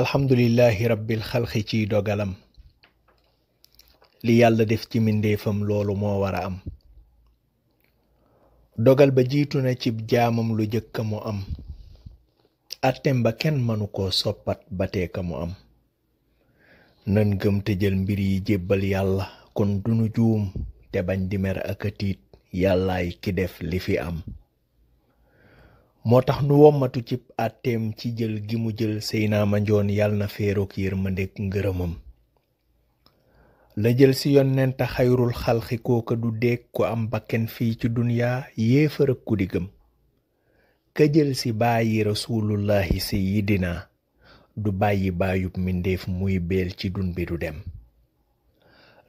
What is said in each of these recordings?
alhamdulillahi rabbil xalqi ciy dogalam li yàlla def ci mbindeefam loolu moo war a am dogal ba jiitu na cib jaamam lu jëkk mu am àtteem ba kenn mënu koo soppat ba teeka mu am nan gëm te jël mbir yi jébbal yàlla kon dunu juum te bañ di mer ak a tiit yàllaay ki def li fi am moo tax nu wommatu ci àtteem ci jël gi mu jël ma Mandione yàlla na féerook yërmandeek ngërëmam la jël ci yonent a xayrul xalxi kooka du déeg ku am bakken fii ci duniyaa yéefar ak ku di gëm ka jël si bàyyi rasulullahi du bàyyi bàyyub mbindeef muy beel ci dun bi du dem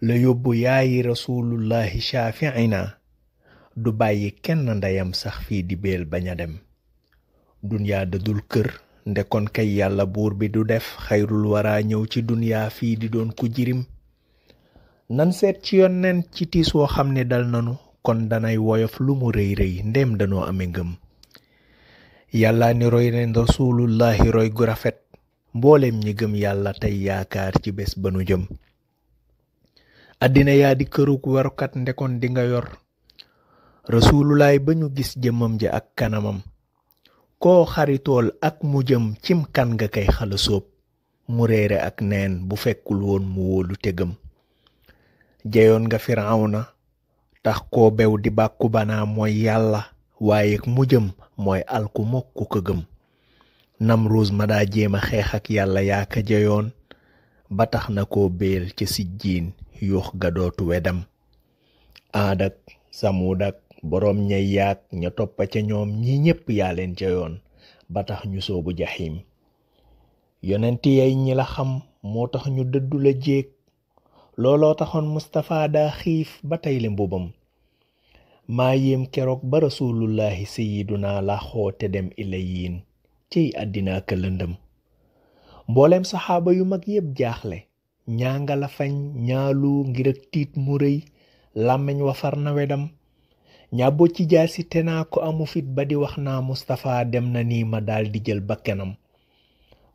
la yóbbu yaayi rasulullahi shaafiina du bàyyi kenn ndeyam sax fii di beel bañ a dem dunyaa dëdul kër ndekon kay yàlla buur bi du def xayrul wara ñëw ci dunyaa fii di doon ku jirim nan seet ci yonent ci tiis woo xam ne dal nanu kon danay woyof lu mu rëy rëy ndéem danoo ame ngëm yàlla ni roy leen rasulullahi roy gu rafet mboolem ñi gëm yàlla tey yaakaar ci bés ba nu jëm àddina yaa di kërug warukat ndekon di nga yor rasulullaay ba ñu gis jëmam ji ak kanamam koo xaritool ak mu jëm cim kan nga koy xala mu réere ak neen bu fekkul woon mu wóolu tegam jeyoon nga firawna tax ko bew di bàkku banaa mooy yàlla waaye mu jëm mooy alku mokku ko gëm namruus ma daa jéem a xeex ak yàlla yaa ko jeyoon ba tax na ko béel ca sijjiin yuux ga dootu wedam aadak samudak boroom ña yaag ña topp ca ñoom ñi ñépp yaa leen ca yoon ba tax ñu soobu jaxiim yonent yay ñi la xam moo tax ñu dëddu la jéeg looloo taxoon Mustapha daa xiif ba tey la mbubam maa yéem keroog ba rasulullahi naa la xoote dem ila yiin ciy àddina ka lëndëm mbooleem saxaaba yu mag yépp jaaxle ñaa nga la fañ ñaalu ngir ak tiit mu réy làmmiñ wafar far na wedam ñàbbo ci jaasi te naa ko amu fit ba di wax naa Mustapha dem na nii ma daldi jël bakkanam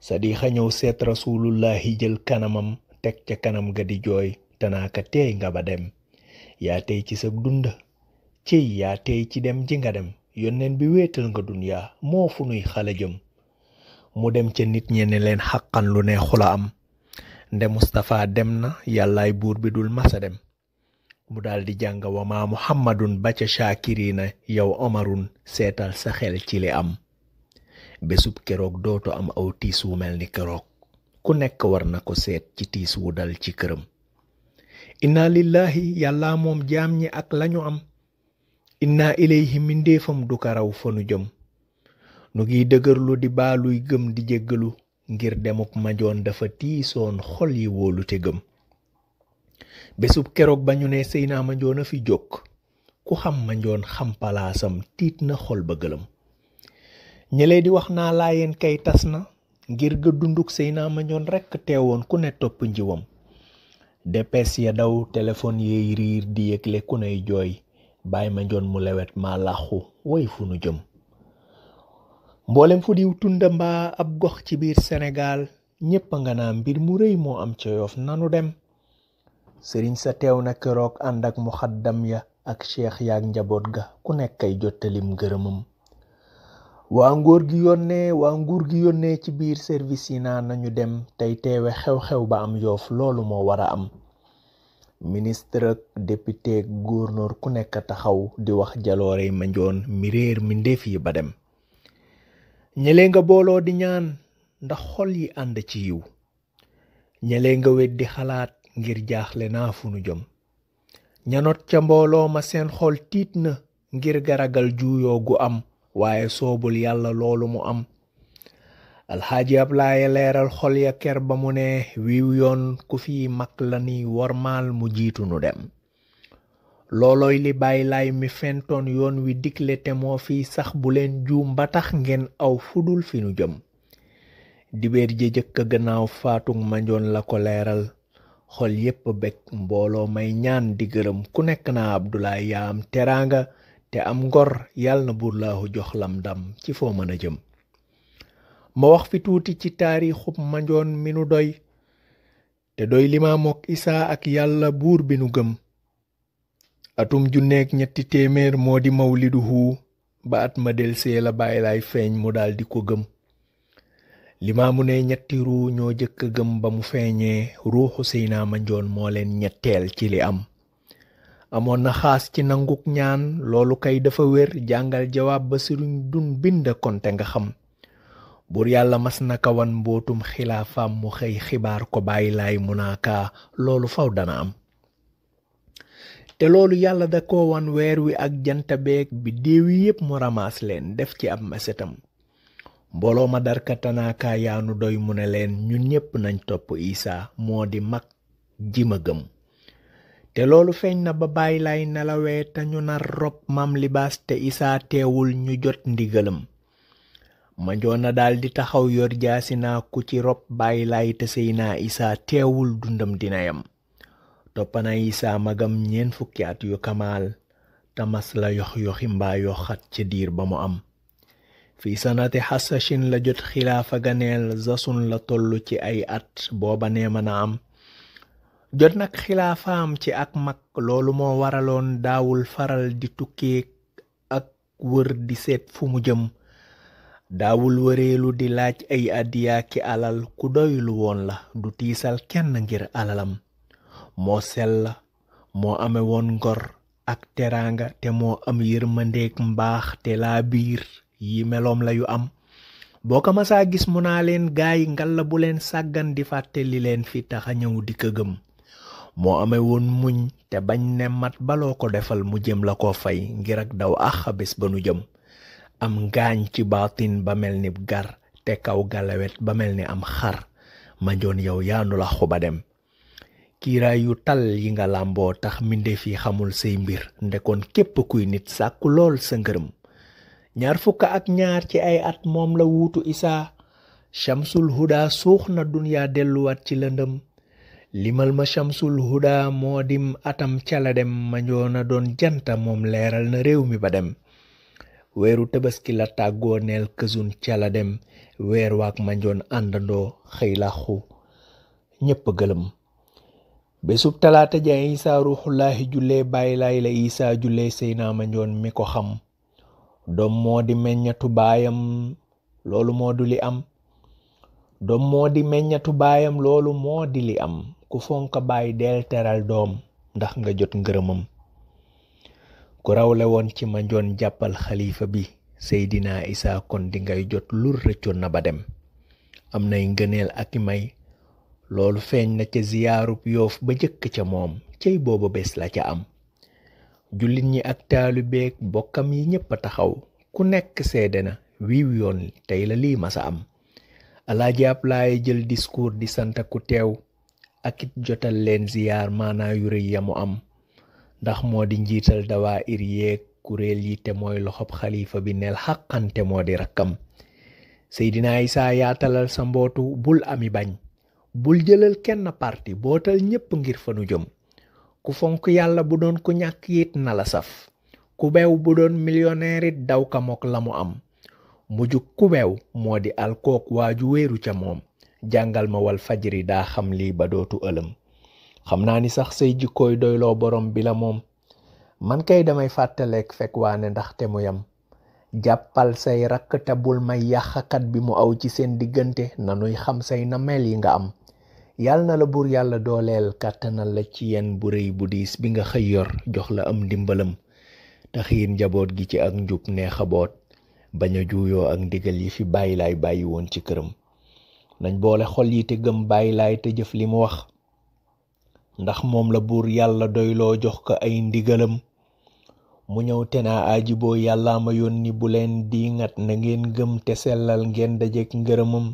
sadixa ñëw seet rasulullahi jël kanamam teg ca kanam ga di jooy te naa ka teey nga ba dem yaa tey ci sa dund ciy yaa tey ci dem ji nga dem yónneen bi wéetal nga dunyaa moo fu nuy xala jëm mu dem ca nit ñe ne leen xaqan lu ne xula am nde Mustapha dem na yàllaay buur bi dul masa dem mu daldi jàng wa ma muhammadun ba ca shaakirina yow omarun seetal sa xel ci li am bésub keroog dootu am aw tiis wu mel ni keroog ku nekk war na ko seet ci tiis wu dal ci këram inna lillahi yàlla moom jaam ñi ak lañu am inna ilayhi mindéefam du ko raw fa nu jëm nu ngiy dëgërlu di baaluy gëm di jéggalu ngir demuk majoon dafa tiisoon xol yi wóolu gëm bésub keroog ba ñu ne Seynaa Mandione a fi jóg ku xam ma xam xampalaasam tiit na xol ba gëlëm ñëlee di wax naa laayeen kay tas na ngir ga dunduk Seynaa Mandione rekk teewoon ku ne topp njiwam dépêche ya daw téléphone yeey riir di yëgle ku ney jooy bàyyi Mandione mu lewet maa làqu woy fu nu jëm mboolem fu diw tunda mbaa ab gox ci biir senegal ñépp a nga naa mbir mu rëy moo am ca nanu dem sëriñ sa teew na keroog ànd ak muxaddam ya ak cheikh yaak njaboot ga ku nekk ay jottalim gërëmam waa nguur gi yónnee waa nguur gi yónnee ci biir service yi naa nañu dem tey teewe xew-xew ba am yoof loolu moo war a am ministre ak député ak ku nekk taxaw di wax jaloore yi ma njoon mi réer mi ndéef yi ba dem ñëlee nga booloo di ñaan ndax xol yi ànd ci yiw ñëlee nga weddi xalaat ngir jaaxle naa fu nu jëm ñanot ca mbooloo ma seen xol tiit na ngir garagal juuyoo gu am waaye soobul yàlla loolu mu am alxaaji Ablaaye leeral xol ya ker ba mu ne wiw yoon ku fi mag la ni wormaal mu jiitu nu dem loolooy li bàyyi laay mi fentoon yoon wi digle te moo fi sax bu leen juum ba tax ngeen aw fudul fi nu jëm dibeer ja jëkk gannaaw faatug manjoon la ko leeral xol yépp bekk mbooloo may ñaan di gërëm ku nekk naa Abdoulaye yaa am teraanga te am ngor yàlla na buur laahu jox lam ndam ci foo mën a jëm ma wax fi tuuti ci taarixub manjoon mi nu doy te doy limaamook isaa ak yàlla buur bi nu gëm atum junneeg ñetti téeméer moo di mawliduhu ba at ma delsee la bàyyi laay feeñ mu daldi ko gëm limaamu ne ñetti ruu ñoo jëkk a gëm ba mu feeñee ruuxu ma Mandione moo leen ñetteel ci li am amoon na xaas ci nanguk ñaan loolu kay dafa wér jàngal jawaab ba sëriñ dun bind konte nga xam buur yàlla mas na kawan mbootum xilaafam mu xëy xibaar ko bàyyi laay munaaka loolu faw dana am te loolu yàlla da ko wan weer wi ak jant beeg bi déewi yépp mu ramaas leen def ci ab masetam mbooloo ma darka tanaakaa yaanu doy mu ne leen ñun ñépp nañ topp isaa moo di mag ji ma gëm te loolu feeñ na ba bàyyi lay nelawee te ñu nar rob maam libaas te isaa teewul ñu jot ndigalam manjoona daldi taxaw yor jaasi naa ku ci rob bàyyi lay te sëy naa isaa teewul dundam dina yam toppana isaa magam ñeent fukki at yu kamaal tamas la yox yoxi mbaa yoxat ca diir ba mu am fi sanati xasashin la jot xilaafa ganeel zasun la toll ci ay at booba nee mën a am jot nag xilaafaam ci ak mag loolu moo waraloon daawul faral di tukkee ak wër di seet fu mu jëm daawul wëreelu di laaj ay addiyaa alal ku doylu woon la du tiisal kenn ngir alalam moo sell moo ame woon ngor ak teraanga te moo am yërmandeeg mbaax te laa biir yii meloom la yu am boo ko masaa gis mu naa leen gaay ngalla bu leen sàggan di fàtte li leen fi taxa ñëw di ko moo amee woon muñ te bañ ne baloo ko defal mu jëm la ko fay ngir ak daw ax bés ba nu jëm am ngaañ ci baatin ba mel ni gar te kaw galawet ba mel ni am xar ma joon yow yaanu la xuba dem kiiraay yu tal yi nga làmboo tax mbindeef yi xamul say mbir ndekoon képp kuy nit sàkku lool sa ngërëm ñaar fukk ak ñaar ci ay at moom la wutu isaa shamsul huda suux na duniya delluwaat ci lëndëm limal ma shamsul huda moo dim atam cala dem ma njoona doon janta moom leeral na réew mi ba dem weeru tabaski la tàggoo neel kësun cala dem weer waak ma njoon àndandoo xëy làqu ñépp gëlëm bésub talaata ja isaa ruuxullaahi jullee bàyyi laay la isaa jullee sëy naa ma njoon mi ko xam doom moo di meññatu baayam loolu moo du li am doom moo di meññatu baayam loolu moo di li am ku fonk baay del teral doom ndax nga jot ngërëmam ku rawle woon ci ma njoon jàppal xaliifa bi Seydina Isa kon di ngay jot lu rëccoon na ba dem am nay ngëneel ak i may loolu feeñ na ca ziyaarub yoof ba jëkk ca moom cey booba bés la ca am jullit ñi ak taalibeek bokkam yi ñépp a taxaw ku nekk seede na wiiw yoon tey la lii masa am alaaji Ablaay jël discours di sant ku teew ak it jotal leen ziyaar maanaa yu rëy am ndax moo di njiital dawaa ir kuréel yi te mooy loxob xalifa bi neel xàqante moo di rakkam Seydina Isaa yaatalal sa mbootu bul ami bañ bul jëlal kenn parti bootal ñépp ngir fa nu jëm ku fonk yàlla bu doon ku ñàkk it na la saf ku bu doon millionnaire it daw ka mook la mu am mujjug ku beew moo di alkook waa ju wéeru ca moom jàngal ma wal fajri daa xam lii ba dootu ëlëm xam naa ni sax say jikkooy doyloo borom bi la moom man kay damay fàttaleek fekk waa waane ndaxte mu yam jàppal say rakk te bul may yàqkat bi mu aw ci seen diggante na nanuy xam say nameel yi nga am yàlla na la buur yàlla dooleel kàttanal la ci yenn bu rëy bu diis bi nga xëy yor jox la am ndimbalam te njaboot gi ci ak njub nee xaboot bañ a juuyoo ak ndigal yi fi bàyyi laay bàyyi woon ci këram nañ boole xol yi te jëf li mu wax ndax moom la buur yàlla doyloo jox ko ay ndigalam mu ñëw te naa aji boo yàllaa ma yónni bu leen di ngat na ngeen gëm te sellal ngeen dajeek ngërëmam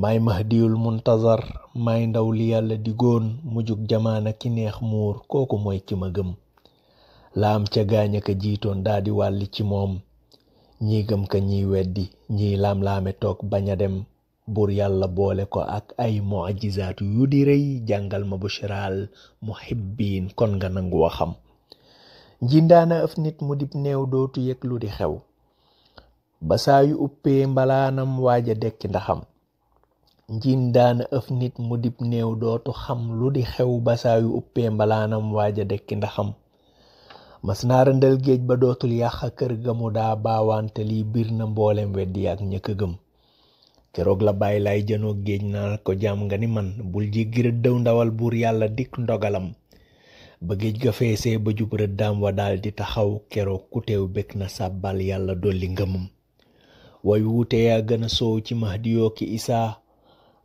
maay mahdiyul muntazar maay ndaw li yàlla digoon mujjug jamaana ki neex muur kooku mooy ki gëm la ca gaañ ka jiitoon daa di ci moom ñi gëm ka ñiy weddi ñii laam-laame toog baña dem buur yàlla boole ko ak ay mujizaat yu di rëy jàngal ma bushraal muhibbiin kon nga nangu wa xam njindaana ëf nit mu dib neew dootu yëg lu di xew ba saa yu uppee mbalaanam waaj a dekki ndaxam njiin daana ëf nit mu dib néew dootu xam lu di xew basaayu uppee mbalaanam waaja dekki ndaxam mas naa géej ba dootul yàq kër ga mu daa baawante lii biir na mboolem weddi ak ñëkk gëm keroog la bàyyi lay jënoog géej naa ko jaam nga ni man bul jéggi rëddëw ndawal buur yàlla dikk ndogalam ba géej ga feesee ba jub rëddaam wa daal di taxaw keroog ku teew na sàbbal yàlla dolli ngëmam way wuute yaa gën soow ci mahdi ki isaa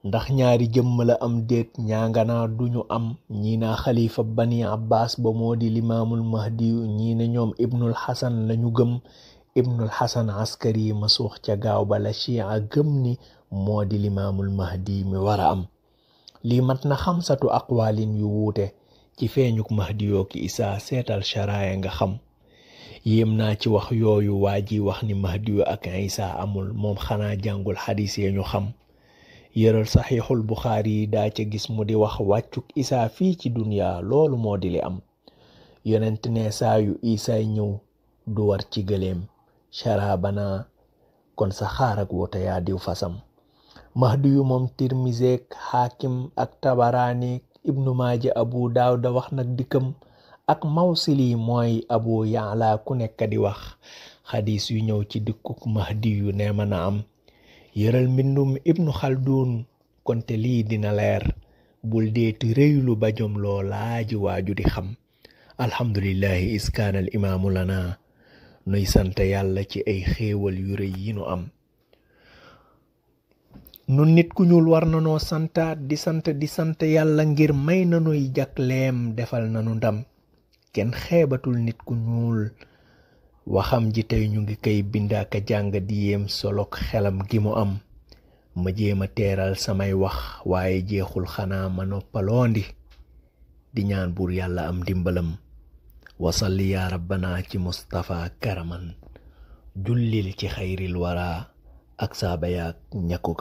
ndax ñaari jëmm la am déet ñaanganaa duñu am ñii naa xalifa bani abbas ba moo di limaamul mahdiyu ñii ne ñoom ibnul xasan lañu gëm ibnul xasan askari ma suux ca gaaw ba la chia gëm ni moo di limaamul mahdi mi war a am lii mat na xamsatu aqwaalin yu wuute ci feeñuk mahdi yoo ki isa seetal sharaaya nga xam yéem naa ci wax yooyu waa ji wax ni mahdi yu ak isa amul moom xanaa jàngul xadis yi ñu xam yëral saxiixul buxaari yi daa ca gis mu di wax wàccuk isaa fii ci duniya loolu moo di li am yonent ne saa yu isaay ñëw du war ci gëléem sharabana kon sa xaarak wota yaa diw fasam mahdi yu moom tirmiseek xaakim ak tabaraani ibnu maaja abu daawda wax nag dikkam ak mawsili mooy abu yaala ku nekk di wax xadis yu ñëw ci dikkuk mahdi yu ne mën am yëral mbindum ibnu xaldun konte lii dina leer bul deeti réylu ba jom loo waaju di xam alhamdulillahi iskaanal imaamu lana nuy sant yàlla ci ay xéewal yu rëy yi nu am nun nit ku ñuul war nanoo santaat di sant di sant yàlla ngir may nanuy jakleem defal nanu ndam kenn xeebatul nit ku ñuul waxam ji tey ñu ngi koy bind ak a jàng di yéem solok xelam gi mu am ma jéem a teeral samay wax waaye jeexul xanaa ma noppaloondi di ñaan buur yàlla am dimbalam wasalli yaa rabbana ci Mustapha Karaman jullil ci xayril wara ak saaba yaag ña ko